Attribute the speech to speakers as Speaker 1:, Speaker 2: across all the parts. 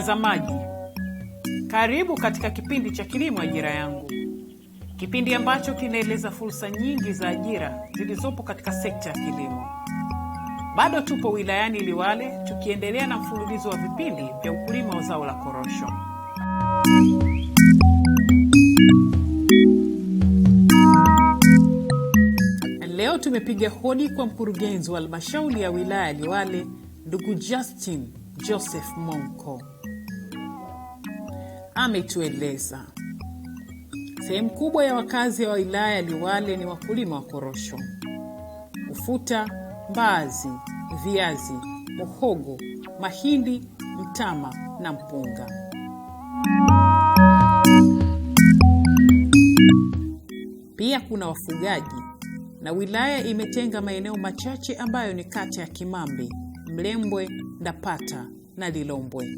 Speaker 1: Mtazamaji, karibu katika kipindi cha Kilimo Ajira Yangu, kipindi ambacho kinaeleza fursa nyingi za ajira zilizopo katika sekta ya kilimo. Bado tupo wilayani Liwale tukiendelea na mfululizo wa vipindi vya ukulima wa zao la korosho. Leo tumepiga hodi kwa mkurugenzi wa halmashauri ya wilaya Liwale, ndugu Justin Joseph Monko ametueleza. Sehemu kubwa ya wakazi wa wilaya ya Liwale ni wakulima wa korosho, ufuta, mbaazi, viazi, muhogo, mahindi, mtama na mpunga. Pia kuna wafugaji na wilaya imetenga maeneo machache ambayo ni kata ya Kimambi, Mlembwe, Ndapata na Lilombwe.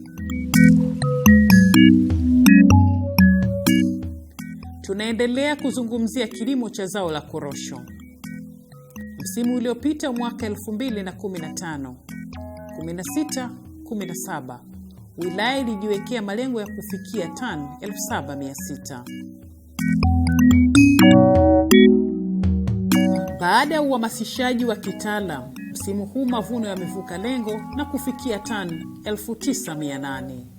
Speaker 1: tunaendelea kuzungumzia kilimo cha zao la korosho. Msimu uliopita mwaka 2015 16 17 wilaya ilijiwekea malengo ya kufikia tani 7600. Baada ya uhamasishaji wa kitaalam, msimu huu mavuno yamevuka lengo na kufikia tani 9800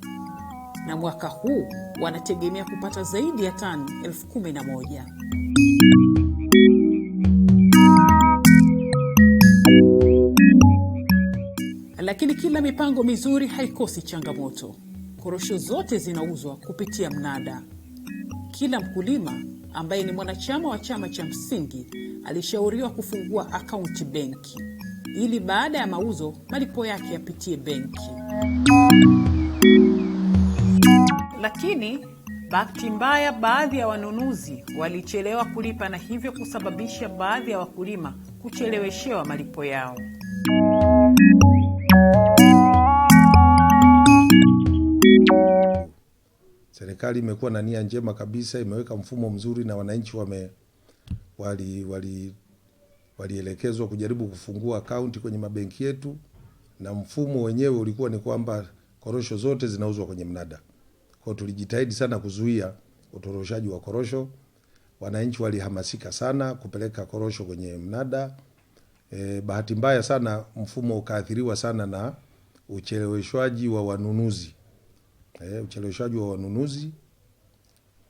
Speaker 1: na mwaka huu wanategemea kupata zaidi ya tani 11 Lakini kila mipango mizuri haikosi changamoto. Korosho zote zinauzwa kupitia mnada. Kila mkulima ambaye ni mwanachama wa chama cha msingi alishauriwa kufungua akaunti benki ili baada ya mauzo malipo yake yapitie benki. Lakini bahati mbaya, baadhi ya wanunuzi walichelewa kulipa na hivyo kusababisha baadhi ya wakulima kucheleweshewa malipo yao.
Speaker 2: Serikali imekuwa na nia njema kabisa, imeweka mfumo mzuri na wananchi wame wali wali walielekezwa kujaribu kufungua akaunti kwenye mabenki yetu, na mfumo wenyewe ulikuwa ni kwamba korosho zote zinauzwa kwenye mnada. Kwa tulijitahidi sana kuzuia utoroshaji wa korosho. Wananchi walihamasika sana kupeleka korosho kwenye mnada. E, bahati mbaya sana mfumo ukaathiriwa sana na ucheleweshwaji wa wanunuzi e, ucheleweshwaji wa wanunuzi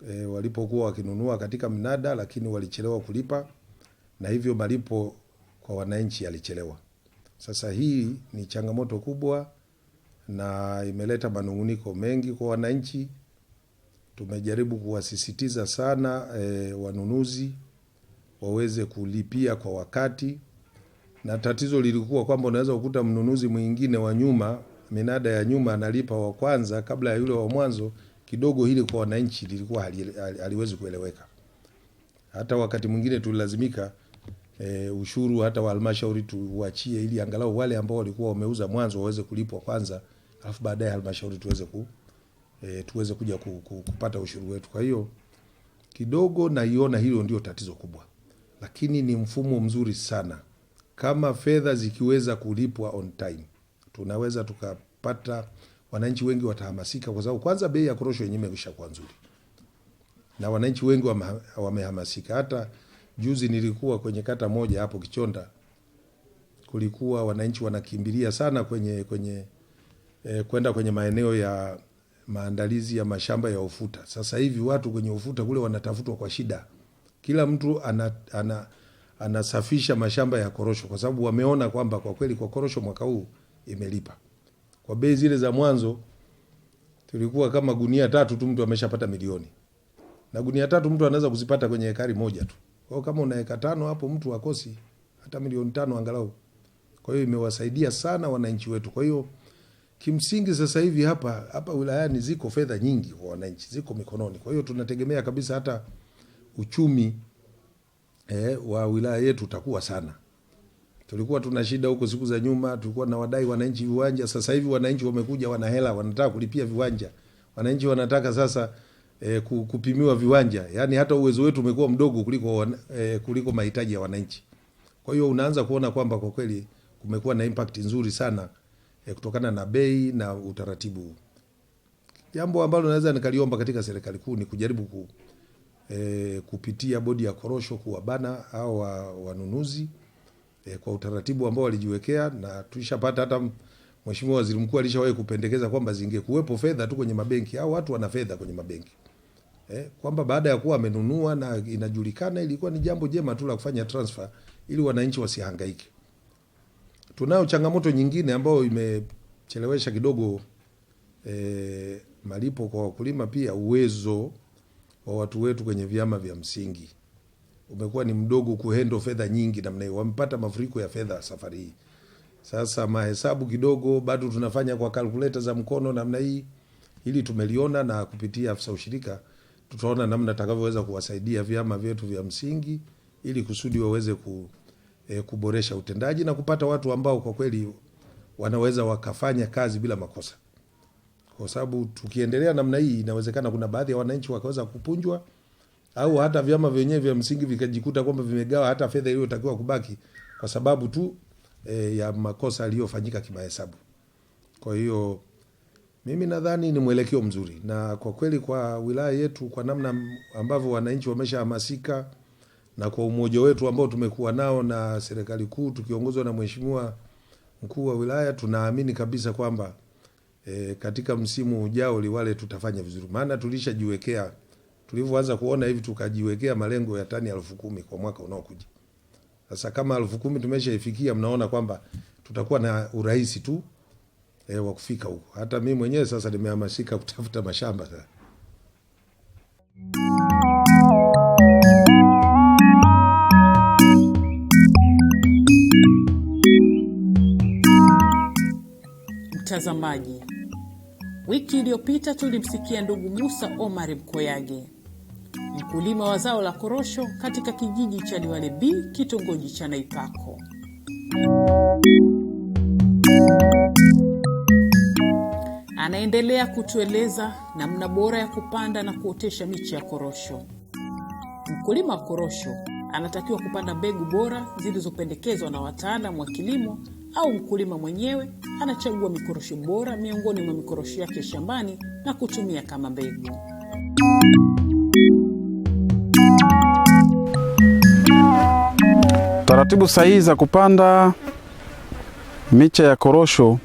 Speaker 2: e, walipokuwa wakinunua katika mnada, lakini walichelewa kulipa na hivyo malipo kwa wananchi yalichelewa. Sasa hii ni changamoto kubwa na imeleta manunguniko mengi kwa wananchi. Tumejaribu kuwasisitiza sana e, wanunuzi waweze kulipia kwa wakati, na tatizo lilikuwa kwamba unaweza kukuta mnunuzi mwingine wa nyuma, minada ya nyuma analipa wa kwanza kabla ya yule wa mwanzo kidogo. Hili kwa wananchi lilikuwa haliwezi kueleweka. Hata wakati mwingine tulilazimika e, ushuru hata wa halmashauri tuachie ili angalau wale ambao walikuwa wameuza mwanzo waweze kulipwa kwanza alafu baadaye halmashauri tuweze ku e, tuweze kuja ku, ku, kupata ushuru wetu. Kwa hiyo kidogo naiona hilo ndio tatizo kubwa, lakini ni mfumo mzuri sana kama fedha zikiweza kulipwa on time, tunaweza tukapata wananchi wengi watahamasika, kwa sababu kwanza bei ya korosho yenyewe kuwa nzuri na wananchi wengi wamehamasika. Hata juzi nilikuwa kwenye kata moja hapo Kichonda, kulikuwa wananchi wanakimbilia sana kwenye kwenye eh, kwenda kwenye maeneo ya maandalizi ya mashamba ya ufuta. Sasa hivi watu kwenye ufuta kule wanatafutwa kwa shida, kila mtu ana, ana, anasafisha mashamba ya korosho kwa sababu wameona kwamba kwa kweli kwa korosho mwaka huu imelipa. Kwa bei zile za mwanzo tulikuwa kama gunia tatu tu mtu ameshapata milioni, na gunia tatu mtu anaweza kuzipata kwenye ekari moja tu. Kwa kama una eka tano hapo mtu akosi hata milioni tano angalau. Kwa hiyo imewasaidia sana wananchi wetu, kwa hiyo kimsingi sasa hivi hapa hapa wilayani ziko fedha nyingi kwa wananchi, ziko mikononi. Kwa hiyo tunategemea kabisa hata uchumi eh, wa wilaya yetu utakuwa sana. Tulikuwa tuna shida huko siku za nyuma, tulikuwa na wadai wananchi viwanja. Sasa hivi wananchi wamekuja, wana hela, wanataka kulipia viwanja. Wananchi wanataka sasa eh, kupimiwa viwanja, yaani hata uwezo wetu umekuwa mdogo kuliko eh, kuliko mahitaji ya wananchi. Kwa hiyo unaanza kuona kwamba kwa kweli kumekuwa na impact nzuri sana eh, kutokana na bei na utaratibu. Jambo ambalo naweza nikaliomba katika serikali kuu ni kujaribu ku, e, kupitia bodi ya korosho kuwabana wa, wanunuzi e, kwa utaratibu ambao walijiwekea, na tulishapata hata Mheshimiwa Waziri Mkuu alishawahi kupendekeza kwamba zingekuwepo fedha tu kwenye mabenki au watu wana fedha kwenye mabenki e, kwamba baada ya kuwa amenunua na inajulikana, ilikuwa ni jambo jema tu la kufanya transfer ili wananchi wasihangaike. Tunayo changamoto nyingine ambayo imechelewesha kidogo e, malipo kwa wakulima, pia uwezo wa watu wetu kwenye vyama vya msingi umekuwa ni mdogo kuhendo fedha nyingi namna hiyo. Wamepata mafuriko ya fedha safari hii. Sasa mahesabu kidogo bado tunafanya kwa kalkuleta za mkono namna hii, ili tumeliona na kupitia afisa ushirika tutaona namna atakavyoweza kuwasaidia vyama vyetu vya msingi ili kusudi waweze ku e, kuboresha utendaji na kupata watu ambao kwa kweli wanaweza wakafanya kazi bila makosa, kwa sababu tukiendelea namna hii inawezekana kuna baadhi ya wananchi wakaweza kupunjwa au hata vyama vyenyewe vya msingi vikajikuta kwamba vimegawa hata fedha iliyotakiwa kubaki kwa sababu tu e, ya makosa yaliyofanyika kimahesabu. Kwa hiyo mimi nadhani ni mwelekeo mzuri, na kwa kweli kwa wilaya yetu, kwa namna ambavyo wananchi wameshahamasika na kwa umoja wetu ambao tumekuwa nao na serikali kuu tukiongozwa na mheshimiwa mkuu wa wilaya, tunaamini kabisa kwamba e, katika msimu ujao Liwale tutafanya vizuri, maana tulishajiwekea tulivyoanza kuona hivi tukajiwekea malengo ya tani elfu kumi kwa mwaka unaokuja. Sasa kama elfu kumi tumeshaifikia, mnaona kwamba tutakuwa na urahisi tu e, wa kufika huko. Hata mimi mwenyewe sasa nimehamasika kutafuta mashamba sasa.
Speaker 1: mtazamaji, wiki iliyopita tulimsikia ndugu Musa Omar Mkoyage, mkulima wa zao la korosho katika kijiji cha Liwale B, kitongoji cha Naipako. Anaendelea kutueleza namna bora ya kupanda na kuotesha miche ya korosho. Mkulima wa korosho anatakiwa kupanda mbegu bora zilizopendekezwa na wataalamu wa kilimo au mkulima mwenyewe anachagua mikorosho bora miongoni mwa mikorosho yake shambani na kutumia kama mbegu.
Speaker 3: Taratibu sahihi za kupanda miche ya korosho,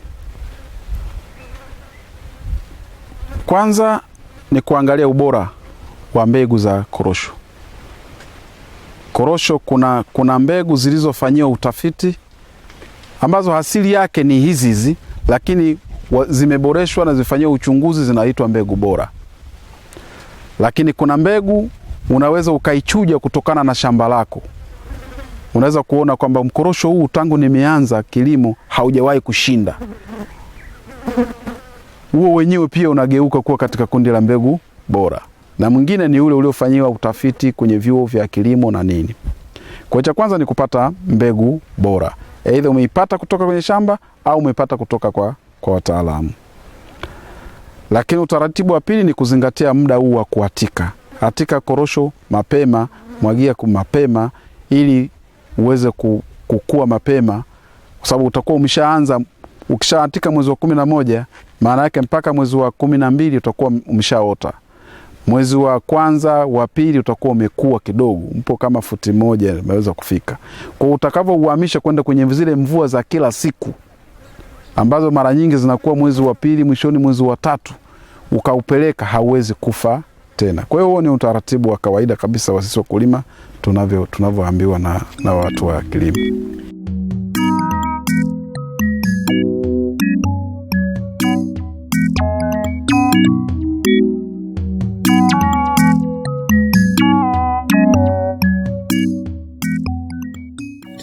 Speaker 3: kwanza ni kuangalia ubora wa mbegu za korosho. Korosho kuna, kuna mbegu zilizofanyiwa utafiti ambazo asili yake ni hizi hizi, lakini zimeboreshwa na zifanyiwa uchunguzi, zinaitwa mbegu bora. Lakini kuna mbegu unaweza ukaichuja kutokana na shamba lako. Unaweza kuona kwamba mkorosho huu tangu nimeanza kilimo haujawahi kushinda. Huo wenyewe pia unageuka kuwa katika kundi la mbegu bora, na mwingine ni ule uliofanyiwa utafiti kwenye vyuo vya kilimo na nini. Kwa cha kwanza ni kupata mbegu bora aidha umeipata kutoka kwenye shamba au umeipata kutoka kwa, kwa wataalamu. Lakini utaratibu wa pili ni kuzingatia muda huu wa kuatika. Atika korosho mapema, mwagia mapema ili uweze kukua mapema, kwa sababu utakuwa umeshaanza. Ukishaatika mwezi wa kumi na moja, maana yake mpaka mwezi wa kumi na mbili utakuwa umeshaota. Mwezi wa kwanza wa pili utakuwa umekua kidogo, mpo kama futi moja imeweza kufika. Kwa utakavyouhamisha kwenda kwenye zile mvua za kila siku ambazo mara nyingi zinakuwa mwezi wa pili mwishoni, mwezi wa tatu, ukaupeleka hauwezi kufa tena. Kwa hiyo huo ni utaratibu wa kawaida kabisa wa sisi wakulima tunavyo tunavyoambiwa na, na watu wa kilimo.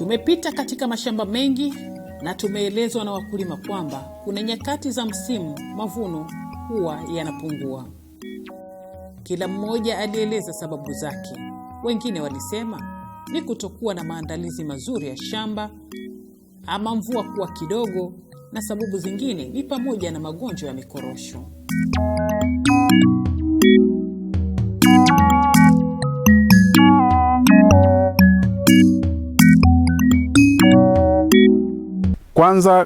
Speaker 1: Tumepita katika mashamba mengi na tumeelezwa na wakulima kwamba kuna nyakati za msimu mavuno huwa yanapungua. Kila mmoja alieleza sababu zake. Wengine walisema ni kutokuwa na maandalizi mazuri ya shamba, ama mvua kuwa kidogo, na sababu zingine ni pamoja na magonjwa ya mikorosho.
Speaker 3: Kwanza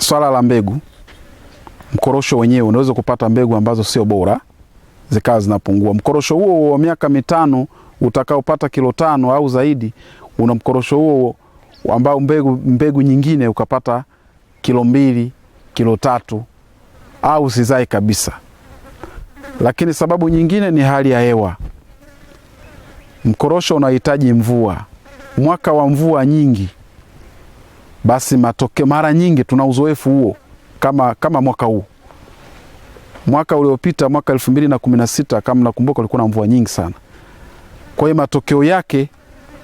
Speaker 3: swala la mbegu, mkorosho wenyewe unaweza kupata mbegu ambazo sio bora zikawa zinapungua. Mkorosho huo wa miaka mitano utakaopata kilo tano au zaidi, una mkorosho huo ambao mbegu, mbegu nyingine ukapata kilo mbili kilo tatu au sizai kabisa. Lakini sababu nyingine ni hali ya hewa. Mkorosho unahitaji mvua, mwaka wa mvua nyingi basi matokeo mara nyingi tuna uzoefu huo kama, kama mwaka huu mwaka uliopita mwaka elfu mbili na kumi na sita kama nakumbuka, ulikuwa na mvua nyingi sana. Kwa hiyo matokeo yake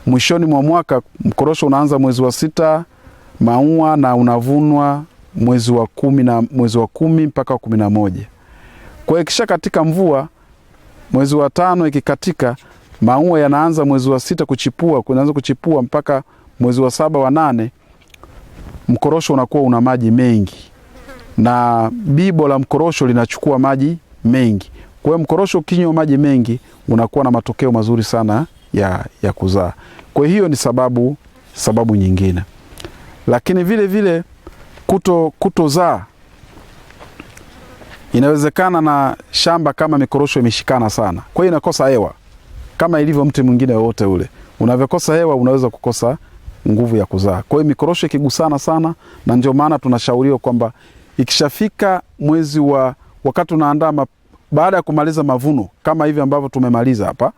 Speaker 3: mwishoni mwa mwaka mkorosho unaanza mwezi wa sita maua na unavunwa mwezi wa kumi na mwezi wa kumi mpaka kumi na moja. Kwa hiyo kisha katika mvua mwezi wa tano ikikatika, maua yanaanza mwezi wa sita kuchipua, kunaanza kuchipua mpaka mwezi wa saba wa nane mkorosho unakuwa una maji mengi na bibo la mkorosho linachukua maji mengi. Kwa hiyo mkorosho ukinywa maji mengi unakuwa na matokeo mazuri sana ya, ya kuzaa. Kwa hiyo ni sababu, sababu nyingine, lakini vile vile kuto kutozaa inawezekana na shamba kama mikorosho imeshikana sana, kwa hiyo inakosa hewa kama ilivyo mti mwingine wowote ule. Unavyokosa hewa unaweza kukosa nguvu ya kuzaa. Kwa hiyo mikorosho ikigusana sana, na ndio maana tunashauriwa kwamba ikishafika mwezi wa wakati tunaandaa baada ya kumaliza mavuno kama hivi ambavyo tumemaliza hapa,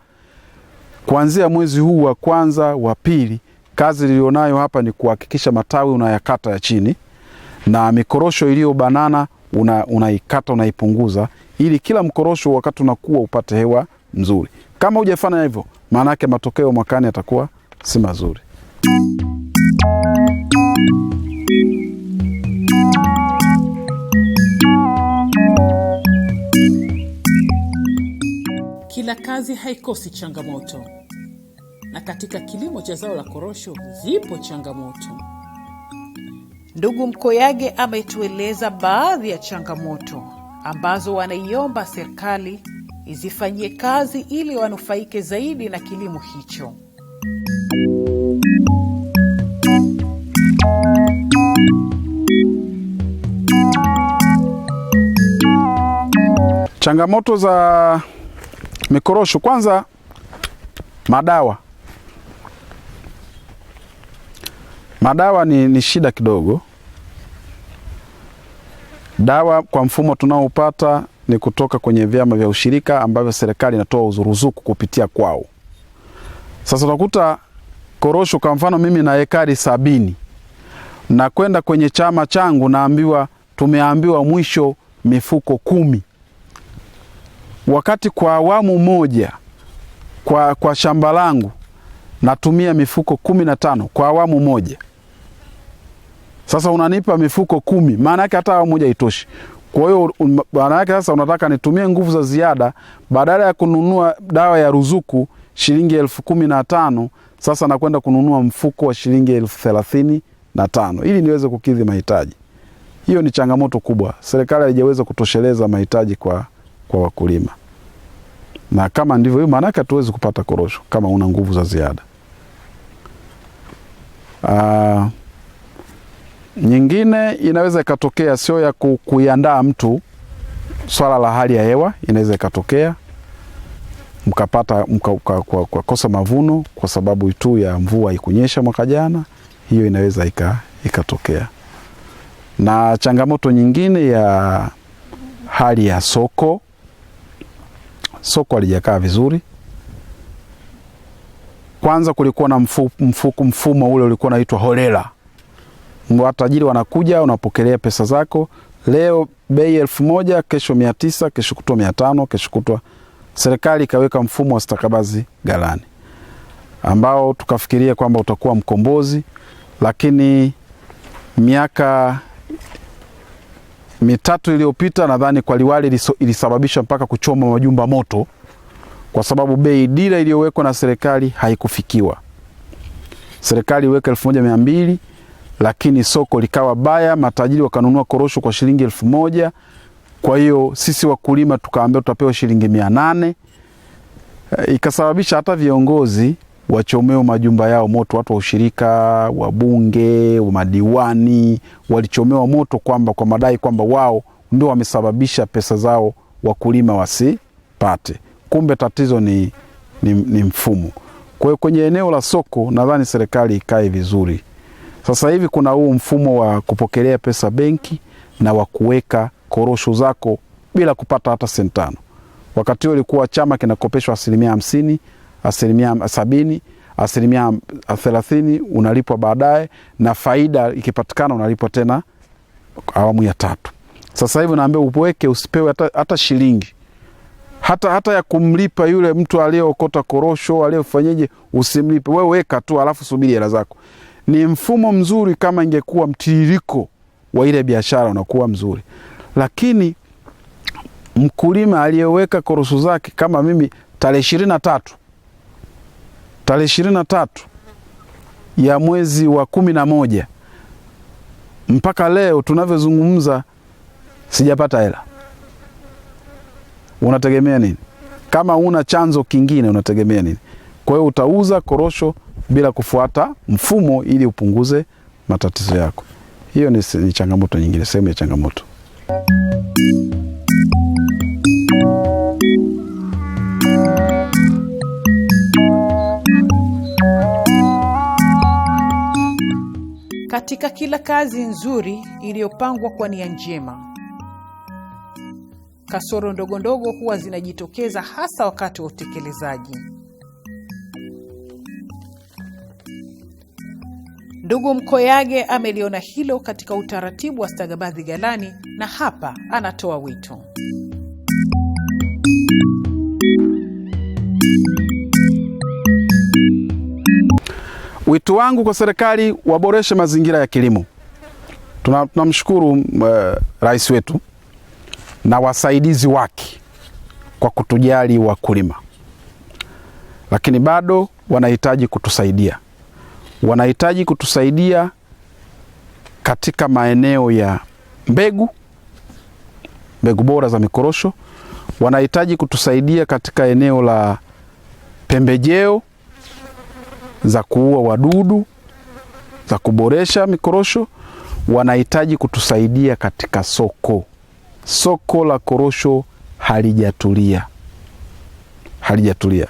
Speaker 3: kuanzia mwezi huu wa kwanza wa pili, kazi nilionayo hapa ni kuhakikisha matawi unayakata ya chini na mikorosho iliyobanana una, unaikata unaipunguza, ili kila mkorosho wakati unakuwa upate hewa nzuri. Kama hujafanya hivyo, maana yake matokeo mwakani yatakuwa si mazuri.
Speaker 1: Kila kazi haikosi changamoto, na katika kilimo cha zao la korosho zipo changamoto. Ndugu Mkoyage ametueleza baadhi ya changamoto ambazo wanaiomba serikali izifanyie kazi ili wanufaike zaidi na kilimo hicho.
Speaker 3: Changamoto za mikorosho, kwanza madawa. Madawa ni, ni shida kidogo. Dawa kwa mfumo tunaoupata ni kutoka kwenye vyama vya ushirika ambavyo serikali inatoa uzuruzuku kupitia kwao. Sasa unakuta korosho kwa mfano mimi na ekari sabini na kwenda kwenye chama changu naambiwa, tumeambiwa mwisho mifuko kumi wakati kwa awamu moja kwa, kwa shamba langu natumia mifuko kumi na tano kwa awamu moja. Sasa unanipa mifuko kumi, maana yake hata awamu moja haitoshi. Kwa hiyo maana yake sasa unataka nitumie nguvu za ziada, badala ya kununua dawa ya ruzuku shilingi elfu kumi na tano sasa nakwenda kununua mfuko wa shilingi elfu thelathini na tano ili niweze kukidhi mahitaji. Hiyo ni changamoto kubwa, serikali haijaweza kutosheleza mahitaji kwa kwa wakulima, na kama ndivyo hiyo, maana yake hatuwezi kupata korosho kama una nguvu za ziada. Aa, ah, nyingine inaweza ikatokea sio ya kuiandaa mtu, swala la hali ya hewa inaweza ikatokea mkapata kosa mavuno kwa sababu tu ya mvua ikunyesha mwaka jana, hiyo inaweza ikatokea na changamoto nyingine ya hali ya soko soko halijakaa vizuri. Kwanza kulikuwa na mfu, mfumo ule ulikuwa unaitwa holela, watajiri wanakuja, unapokelea pesa zako, leo bei elfu moja kesho mia tisa kesho kutwa mia tano kesho kutwa. Serikali ikaweka mfumo wa stakabazi galani ambao tukafikiria kwamba utakuwa mkombozi, lakini miaka mitatu iliyopita nadhani kwa liwali ilisababisha mpaka kuchoma majumba moto, kwa sababu bei dira iliyowekwa na serikali haikufikiwa. Serikali iliweka elfu moja mia mbili lakini soko likawa baya, matajiri wakanunua korosho kwa shilingi elfu moja kwa hiyo sisi wakulima tukaambiwa tutapewa shilingi mia nane eh, ikasababisha hata viongozi wachomeo majumba yao moto, watu wa ushirika, wabunge, madiwani walichomewa moto kwamba kwa madai kwamba wao ndio wamesababisha pesa zao wakulima wasipate. Kumbe tatizo ni, ni, ni mfumo. Kwa hiyo kwenye eneo la soko nadhani serikali ikae vizuri. Sasa hivi kuna huu mfumo wa kupokelea pesa benki na wa kuweka korosho zako bila kupata hata sentano. Wakati huo ilikuwa chama kinakopeshwa asilimia hamsini asilimia sabini, asilimia thelathini unalipwa baadaye, na faida ikipatikana unalipwa tena awamu ya tatu. Sasa hivi naambia uweke, usipewe hata, hata shilingi hata, hata ya kumlipa yule mtu aliyeokota korosho aliyefanyeje, usimlipe wewe, weka tu alafu subiri hela zako. Ni mfumo mzuri kama ingekuwa mtiririko wa ile biashara unakuwa mzuri, lakini mkulima aliyeweka korosho zake kama mimi tarehe ishirini na tatu tarehe ishirini na tatu ya mwezi wa kumi na moja mpaka leo tunavyozungumza sijapata hela. Unategemea nini? Kama una chanzo kingine unategemea nini? Kwa hiyo utauza korosho bila kufuata mfumo ili upunguze matatizo yako. Hiyo ni, ni changamoto nyingine, sehemu ya changamoto.
Speaker 1: katika kila kazi nzuri iliyopangwa kwa nia njema, kasoro ndogondogo huwa zinajitokeza hasa wakati wa utekelezaji. Ndugu Mkoyage ameliona hilo katika utaratibu wa stakabadhi ghalani na hapa anatoa wito.
Speaker 3: Wito wangu kwa serikali waboreshe mazingira ya kilimo. Tunamshukuru tuna uh, eh, rais wetu na wasaidizi wake kwa kutujali wakulima, lakini bado wanahitaji kutusaidia, wanahitaji kutusaidia katika maeneo ya mbegu, mbegu bora za mikorosho, wanahitaji kutusaidia katika eneo la pembejeo za kuua wadudu za kuboresha mikorosho, wanahitaji kutusaidia katika soko. Soko la korosho halijatulia, halijatulia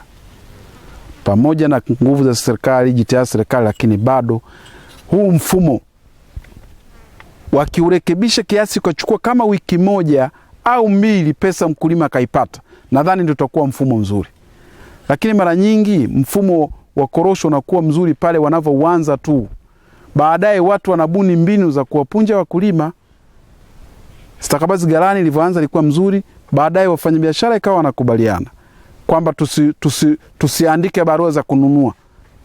Speaker 3: pamoja na nguvu za serikali, jitihada serikali, lakini bado huu mfumo wakiurekebisha kiasi, ukachukua kama wiki moja au mbili, pesa mkulima akaipata, nadhani ndio utakuwa mfumo mzuri, lakini mara nyingi mfumo wa korosho unakuwa mzuri pale wanavyoanza tu. Baadaye watu wanabuni mbinu za kuwapunja wakulima. Stakabadhi ghalani ilivyoanza ilikuwa mzuri, baadaye wafanyabiashara ikawa wanakubaliana kwamba tusi, tusi, tusiandike barua za kununua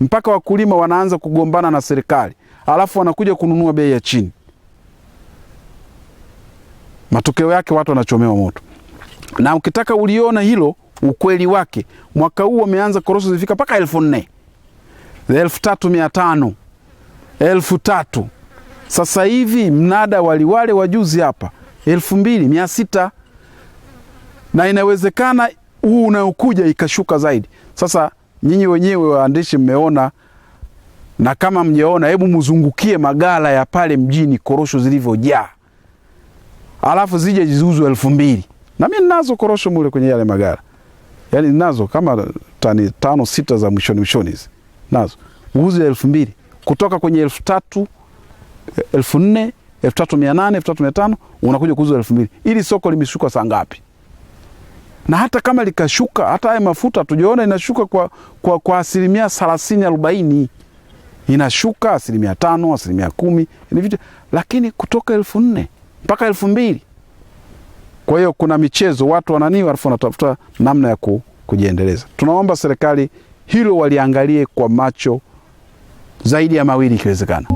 Speaker 3: mpaka wakulima wanaanza kugombana na serikali, alafu wanakuja kununua bei ya chini. Matokeo yake watu wanachomewa moto, na ukitaka uliona hilo ukweli wake, mwaka huu wameanza korosho zifika mpaka elfu nne elfu tatu mia tano elfu tatu Sasa hivi mnada waliwale wajuzi hapa elfu mbili mia sita na inawezekana huu unaokuja ikashuka zaidi. Sasa nyinyi wenyewe waandishi mmeona, na kama mjaona, hebu mzungukie magala ya pale mjini korosho zilivyojaa, alafu zije ziuzwe elfu mbili na mimi ninazo korosho mule kwenye yale magala yani nazo kama tani tano sita za mwishoni mwishoni hizi nazo uuzi wa elfu mbili kutoka kwenye elfu tatu elfu nne elfu tatu mia nane elfu tatu mia tano unakuja kuuza elfu mbili ili soko limeshuka saa ngapi? Na hata kama likashuka, hata haya mafuta tujaona inashuka kwa, kwa, kwa asilimia thelathini arobaini inashuka asilimia tano asilimia kumi ni vitu, lakini kutoka elfu nne mpaka elfu mbili kwa hiyo kuna michezo watu wananii, alafu wanatafuta namna ya ku, kujiendeleza. Tunaomba serikali hilo waliangalie kwa macho zaidi ya mawili ikiwezekana.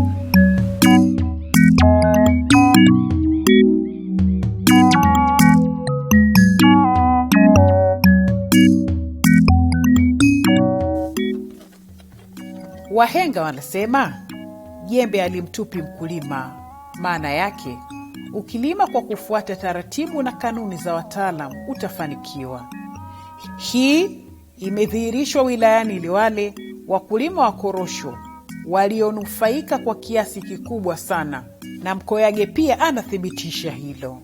Speaker 1: Wahenga wanasema jembe alimtupi mkulima, maana yake Ukilima kwa kufuata taratibu na kanuni za wataalam utafanikiwa. Hii imedhihirishwa wilayani Liwale, wakulima wa korosho walionufaika kwa kiasi kikubwa sana, na Mkoyage pia anathibitisha hilo.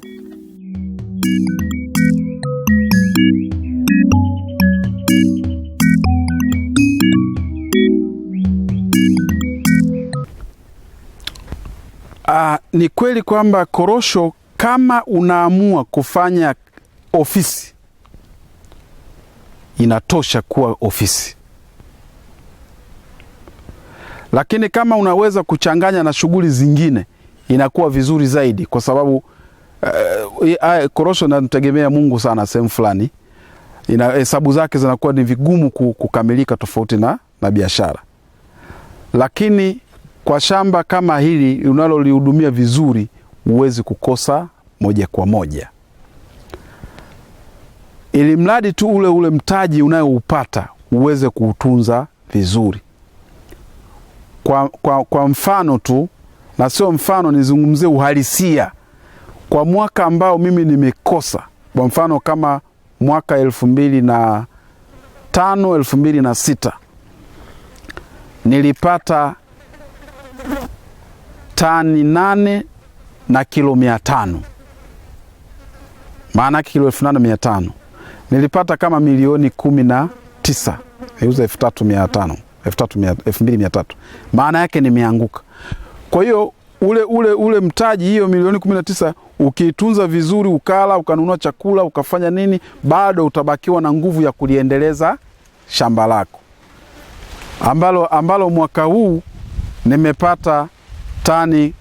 Speaker 3: Uh, ni kweli kwamba korosho kama unaamua kufanya ofisi inatosha kuwa ofisi, lakini kama unaweza kuchanganya na shughuli zingine inakuwa vizuri zaidi, kwa sababu uh, korosho inamtegemea Mungu sana sehemu fulani, ina hesabu zake zinakuwa ni vigumu kukamilika, tofauti na, na biashara lakini kwa shamba kama hili unalolihudumia vizuri, huwezi kukosa moja kwa moja, ili mradi tu ule ule mtaji unayoupata uweze kuutunza vizuri. Kwa, kwa, kwa mfano tu na sio mfano, nizungumzie uhalisia kwa mwaka ambao mimi nimekosa, kwa mfano kama mwaka elfu mbili na tano elfu mbili na sita nilipata tani nane na kilo mia tano maana yake kilo elfu nane mia tano nilipata kama milioni kumi na tisa niuza elfu tatu mia tano elfu mbili mia tatu maana yake nimeanguka. Kwa hiyo ule, ule, ule mtaji hiyo milioni kumi na tisa ukiitunza vizuri, ukala ukanunua chakula ukafanya nini, bado utabakiwa na nguvu ya kuliendeleza shamba lako ambalo, ambalo mwaka huu nimepata tani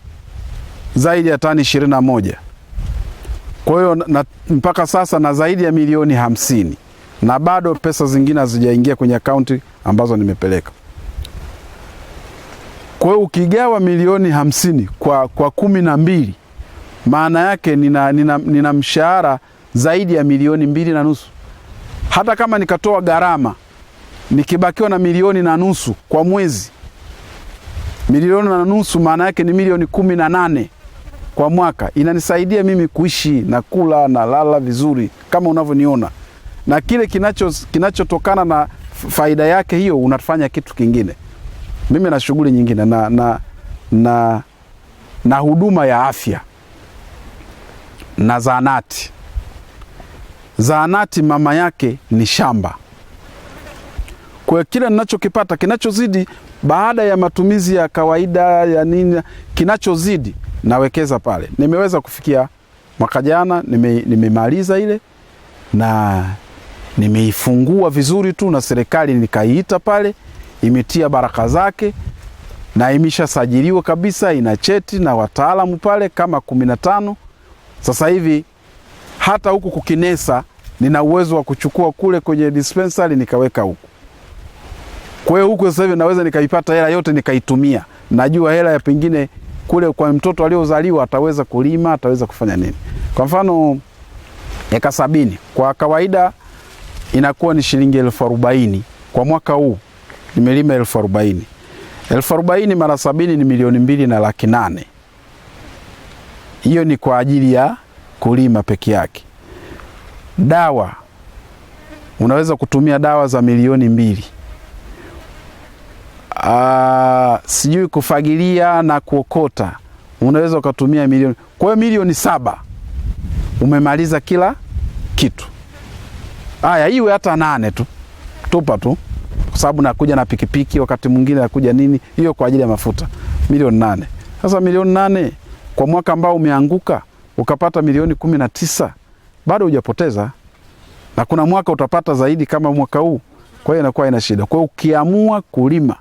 Speaker 3: zaidi ya tani ishirini na moja kwa hiyo mpaka sasa na zaidi ya milioni hamsini na bado pesa zingine hazijaingia kwenye akaunti ambazo nimepeleka. Kwa hiyo ukigawa milioni hamsini kwa, kwa kumi na mbili maana yake nina, nina, nina mshahara zaidi ya milioni mbili na nusu. Hata kama nikatoa gharama nikibakiwa na milioni na nusu kwa mwezi milioni na nusu, maana yake ni milioni kumi na nane kwa mwaka, inanisaidia mimi kuishi na kula na lala vizuri kama unavyoniona, na kile kinacho kinachotokana na faida yake hiyo, unafanya kitu kingine. Mimi na shughuli nyingine na, na, na, na huduma ya afya na zahanati. Zahanati mama yake ni shamba, kwa kile ninachokipata kinachozidi baada ya matumizi ya kawaida ya nini, kinachozidi nawekeza pale. Nimeweza kufikia mwaka jana, nimemaliza nime ile na nimeifungua vizuri tu, na serikali nikaiita pale, imetia baraka zake na imeshasajiliwa kabisa, ina cheti na wataalamu pale kama kumi na tano. Sasa hivi hata huku kukinesa, nina uwezo wa kuchukua kule kwenye dispensari nikaweka huku. Kwa hiyo huko sasa hivi naweza nikaipata hela yote nikaitumia, najua hela ya pengine kule kwa mtoto aliozaliwa ataweza kulima, ataweza kufanya nini. Kwa mfano eka sabini kwa kawaida inakuwa ni shilingi elfu arobaini kwa mwaka huu nimelima elfu arobaini elfu arobaini mara sabini ni milioni mbili na laki nane. Hiyo ni kwa ajili ya kulima peke yake. Dawa unaweza kutumia dawa za milioni mbili Ah, sijui kufagilia na kuokota unaweza ukatumia milioni. Kwa hiyo milioni saba umemaliza kila kitu. Haya, iwe hata nane tu, tupa tu, kwa sababu nakuja na pikipiki, wakati mwingine nakuja nini, hiyo kwa ajili ya mafuta, milioni nane. Sasa milioni nane kwa mwaka ambao umeanguka ukapata milioni kumi na tisa bado hujapoteza, na kuna mwaka utapata zaidi kama mwaka huu. Kwa hiyo inakuwa ina shida. Kwa hiyo ukiamua kulima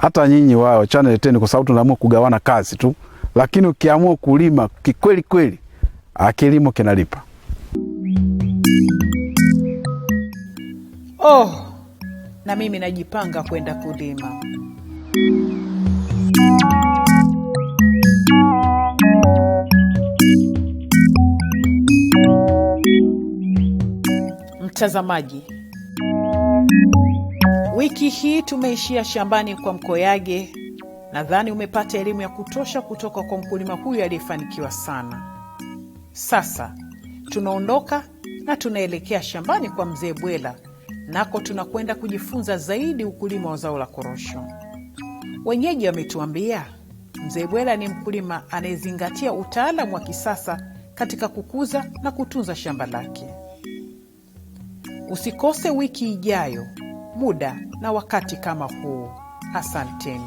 Speaker 3: hata nyinyi wao chana leteni, kwa sababu tunaamua kugawana kazi tu, lakini ukiamua kulima kikweli kweli, kilimo kinalipa.
Speaker 1: Oh, na mimi najipanga kwenda kulima. Mtazamaji Wiki hii tumeishia shambani kwa Mkoyage. Nadhani umepata elimu ya kutosha kutoka kwa mkulima huyu aliyefanikiwa sana. Sasa tunaondoka na tunaelekea shambani kwa mzee Bwela, nako tunakwenda kujifunza zaidi ukulima wa zao la korosho. Wenyeji wametuambia mzee Bwela ni mkulima anayezingatia utaalamu wa kisasa katika kukuza na kutunza shamba lake. Usikose wiki ijayo muda na wakati kama huu. Asanteni.